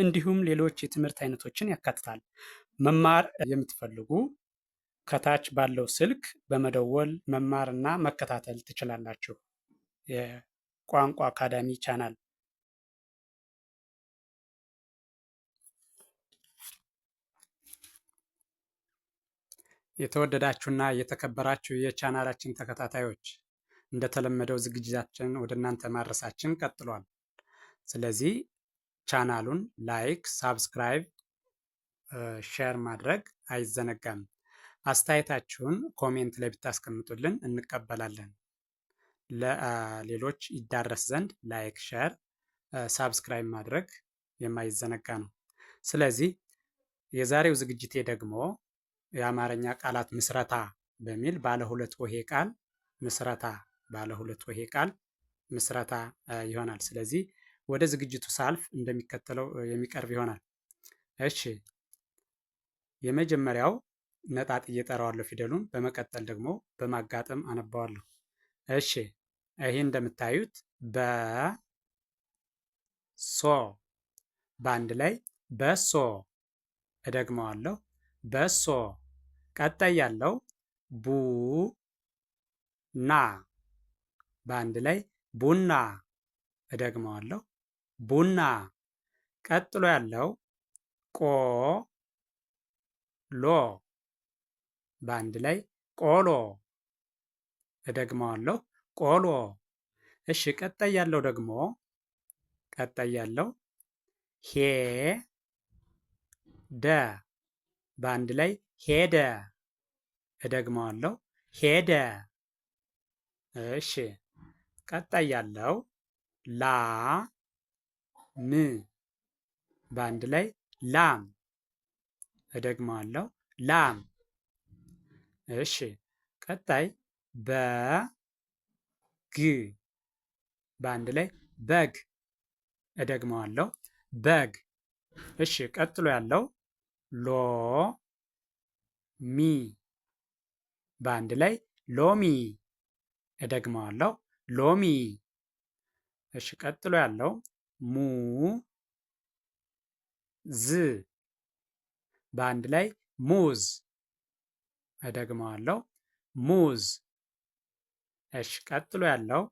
እንዲሁም ሌሎች የትምህርት አይነቶችን ያካትታል። መማር የምትፈልጉ ከታች ባለው ስልክ በመደወል መማርና መከታተል ትችላላችሁ። የቋንቋ አካዳሚ ቻናል የተወደዳችሁና የተከበራችሁ የቻናላችን ተከታታዮች እንደተለመደው ዝግጅታችን ወደ እናንተ ማድረሳችን ቀጥሏል። ስለዚህ ቻናሉን ላይክ፣ ሳብስክራይብ፣ ሼር ማድረግ አይዘነጋም። አስተያየታችሁን ኮሜንት ላይ ብታስቀምጡልን እንቀበላለን። ለሌሎች ይዳረስ ዘንድ ላይክ፣ ሼር፣ ሳብስክራይብ ማድረግ የማይዘነጋ ነው። ስለዚህ የዛሬው ዝግጅቴ ደግሞ የአማርኛ ቃላት ምስረታ በሚል ባለ ሁለት ቃል ምስረታ ባለ ሁለት ቃል ምስረታ ይሆናል። ስለዚህ ወደ ዝግጅቱ ሳልፍ እንደሚከተለው የሚቀርብ ይሆናል። እሺ የመጀመሪያው ነጣጥ እየጠራዋለሁ ፊደሉን። በመቀጠል ደግሞ በማጋጠም አነባዋለሁ። እሺ ይሄ እንደምታዩት በ ሶ በአንድ ላይ በሶ። እደግመዋለሁ በሶ። ቀጣይ ያለው ቡ ና በአንድ ላይ ቡና። እደግመዋለሁ ቡና። ቀጥሎ ያለው ቆ ሎ በአንድ ላይ ቆሎ። እደግመዋለሁ ቆሎ። እሺ፣ ቀጣይ ያለው ደግሞ ቀጣይ ያለው ሄ ደ በአንድ ላይ ሄደ። እደግመዋለሁ ሄደ። እሺ፣ ቀጣይ ያለው ላ ም በአንድ ላይ ላም። እደግመዋለሁ ላም። እሺ ቀጣይ በግ በአንድ ላይ በግ። እደግመዋለሁ በግ። እሺ ቀጥሎ ያለው ሎ ሚ በአንድ ላይ ሎሚ። እደግመዋለሁ ሎሚ። እሺ ቀጥሎ ያለው ሙ ዝ በአንድ ላይ ሙዝ። እደግመዋለሁ ሙዝ። እሽ፣ ቀጥሎ ያለው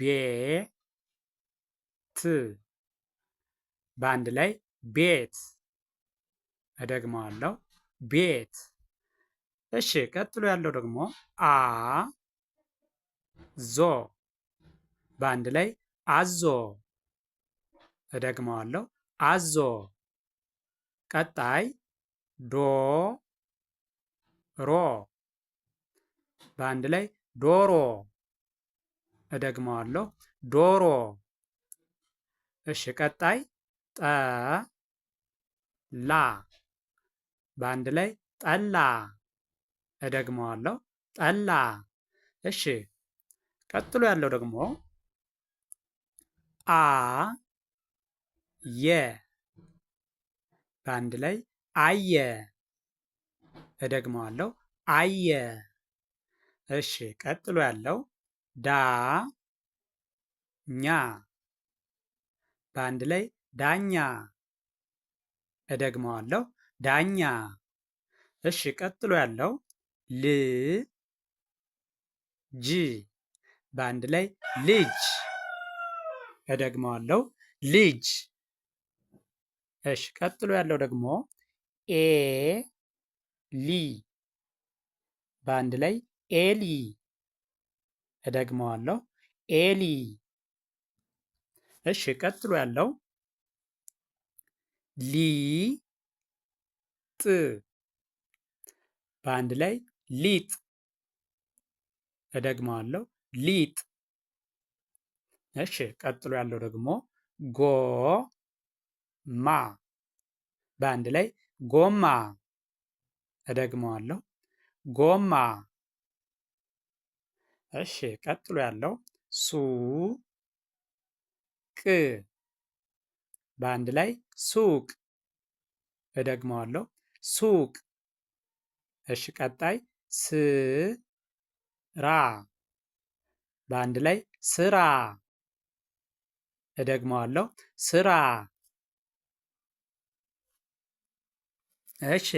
ቤት በአንድ ላይ ቤት። እደግመዋለሁ ቤት። እሺ፣ ቀጥሎ ያለው ደግሞ አ ዞ በአንድ ላይ አዞ እደግመዋለሁ። አዞ ቀጣይ ዶ ሮ በአንድ ላይ ዶሮ። እደግመዋለሁ ዶሮ። እሺ ቀጣይ ጠ ላ በአንድ ላይ ጠላ። እደግመዋለሁ ጠላ። እሺ ቀጥሎ ያለው ደግሞ አ የ በአንድ ላይ አየ። እደግመዋለሁ አየ። እሺ፣ ቀጥሎ ያለው ዳ ኛ በአንድ ላይ ዳኛ። እደግመዋለሁ ዳኛ። እሺ፣ ቀጥሎ ያለው ል ጅ በአንድ ላይ ልጅ። እደግመዋለሁ ልጅ። እሺ ቀጥሎ ያለው ደግሞ ኤ ሊ በአንድ ላይ ኤሊ። እደግመዋለሁ ኤሊ። እሺ ቀጥሎ ያለው ሊ ጥ በአንድ ላይ ሊጥ። እደግመዋለሁ ሊጥ። እሺ ቀጥሎ ያለው ደግሞ ጎ ማ በአንድ ላይ ጎማ። እደግመዋለሁ ጎማ። እሺ፣ ቀጥሎ ያለው ሱ ቅ በአንድ ላይ ሱቅ። እደግመዋለሁ ሱቅ። እሺ፣ ቀጣይ ስ ራ በአንድ ላይ ስራ። እደግመዋለሁ ስራ። እሺ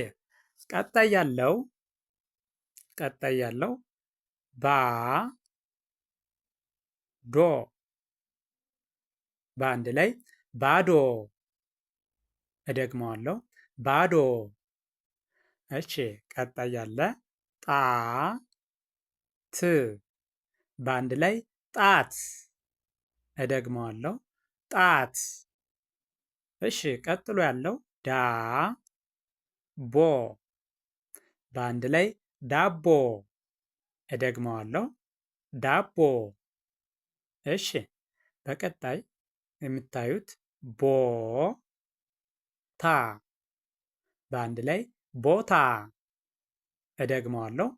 ቀጣይ ያለው ቀጣይ ያለው ባ ዶ በአንድ ላይ ባዶ። እደግመዋለሁ ባዶ። እሺ ቀጣይ ያለ ጣ ት በአንድ ላይ ጣት። እደግመዋለሁ ጣት። እሺ ቀጥሎ ያለው ዳ ቦ በአንድ ላይ ዳቦ። እደግመዋለሁ፣ ዳቦ። እሺ፣ በቀጣይ የምታዩት ቦ ታ በአንድ ላይ ቦታ። እደግመዋለሁ፣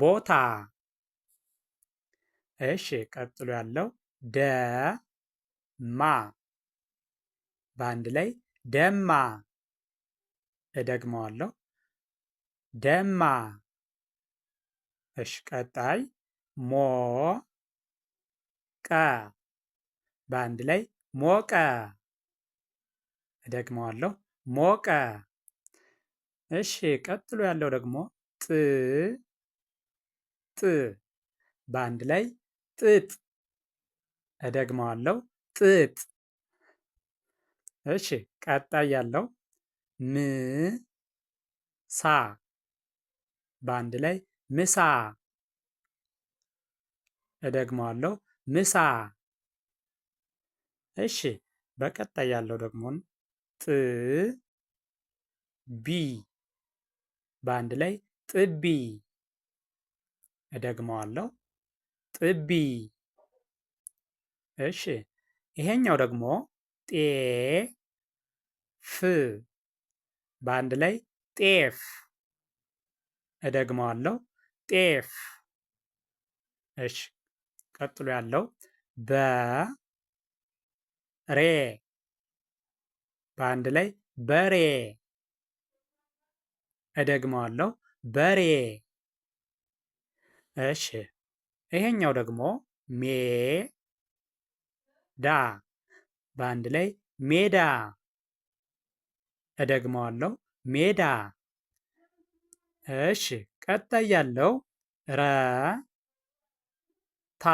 ቦታ። እሺ፣ ቀጥሎ ያለው ደማ በአንድ ላይ ደማ እደግመዋለሁ። ደማ። እሽ፣ ቀጣይ ሞ ቀ በአንድ ላይ ሞቀ። እደግመዋለሁ ሞቀ። እሺ፣ ቀጥሎ ያለው ደግሞ ጥ ጥ በአንድ ላይ ጥጥ። እደግመዋለሁ ጥጥ። እሺ፣ ቀጣይ ያለው ምሳ በአንድ ላይ ምሳ። እደግመዋለሁ ምሳ። እሺ በቀጣይ ያለው ደግሞ ጥ ቢ በአንድ ላይ ጥቢ። እደግመዋለሁ ጥቢ። እሺ ይሄኛው ደግሞ ጤ ፍ በአንድ ላይ ጤፍ። እደግመዋለሁ፣ ጤፍ። እሽ፣ ቀጥሎ ያለው በሬ በአንድ ላይ በሬ። እደግመዋለሁ፣ በሬ። እሽ ይሄኛው ደግሞ ሜዳ በአንድ ላይ ሜዳ እደግመዋለሁ ሜዳ። እሺ ቀጣይ ያለው ረ ታ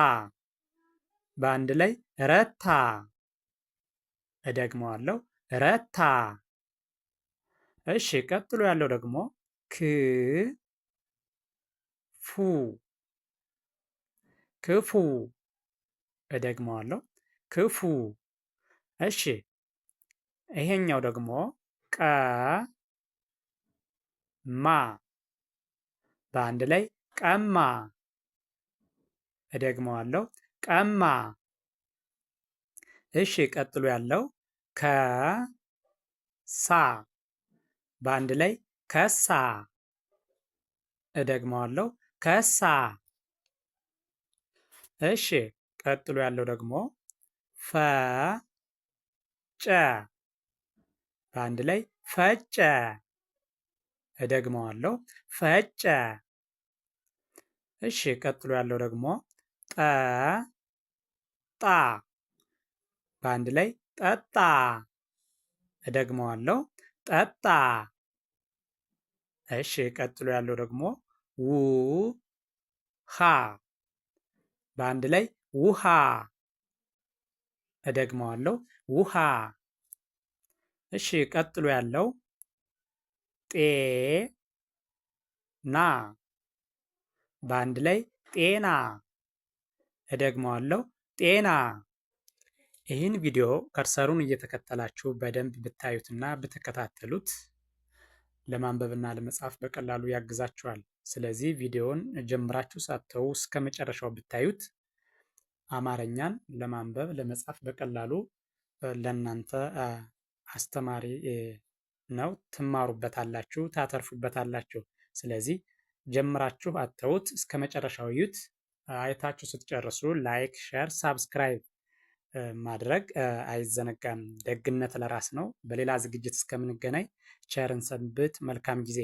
በአንድ ላይ ረታ። እደግመዋለሁ ረታ። እሺ ቀጥሎ ያለው ደግሞ ክ ፉ ክፉ። እደግመዋለሁ ክፉ። እሺ ይሄኛው ደግሞ ቀ ማ በአንድ ላይ ቀማ። እደግመዋለሁ ቀማ። እሺ፣ ቀጥሎ ያለው ከሳ በአንድ ላይ ከሳ። እደግመዋለሁ ከሳ። እሺ፣ ቀጥሎ ያለው ደግሞ ፈጨ በአንድ ላይ ፈጨ። እደግመዋለሁ፣ ፈጨ። እሺ፣ ቀጥሎ ያለው ደግሞ ጠጣ። በአንድ ላይ ጠጣ። እደግመዋለሁ፣ ጠጣ። እሺ፣ ቀጥሎ ያለው ደግሞ ውሃ። በአንድ ላይ ውሃ። እደግመዋለሁ፣ ውሃ እሺ ቀጥሎ ያለው ጤና በአንድ ላይ ጤና። እደግመዋለሁ ጤና። ይህን ቪዲዮ ከርሰሩን እየተከተላችሁ በደንብ ብታዩትና ብትከታተሉት ለማንበብና ለመጻፍ በቀላሉ ያግዛችኋል። ስለዚህ ቪዲዮውን ጀምራችሁ ሳትተው እስከ መጨረሻው ብታዩት አማርኛን ለማንበብ ለመጻፍ በቀላሉ ለእናንተ አስተማሪ ነው። ትማሩበታላችሁ፣ ታተርፉበታላችሁ። ስለዚህ ጀምራችሁ አተውት እስከ መጨረሻው ዩት አይታችሁ ስትጨርሱ ላይክ፣ ሼር፣ ሳብስክራይብ ማድረግ አይዘነጋም። ደግነት ለራስ ነው። በሌላ ዝግጅት እስከምንገናኝ ቸርን ሰንብት። መልካም ጊዜ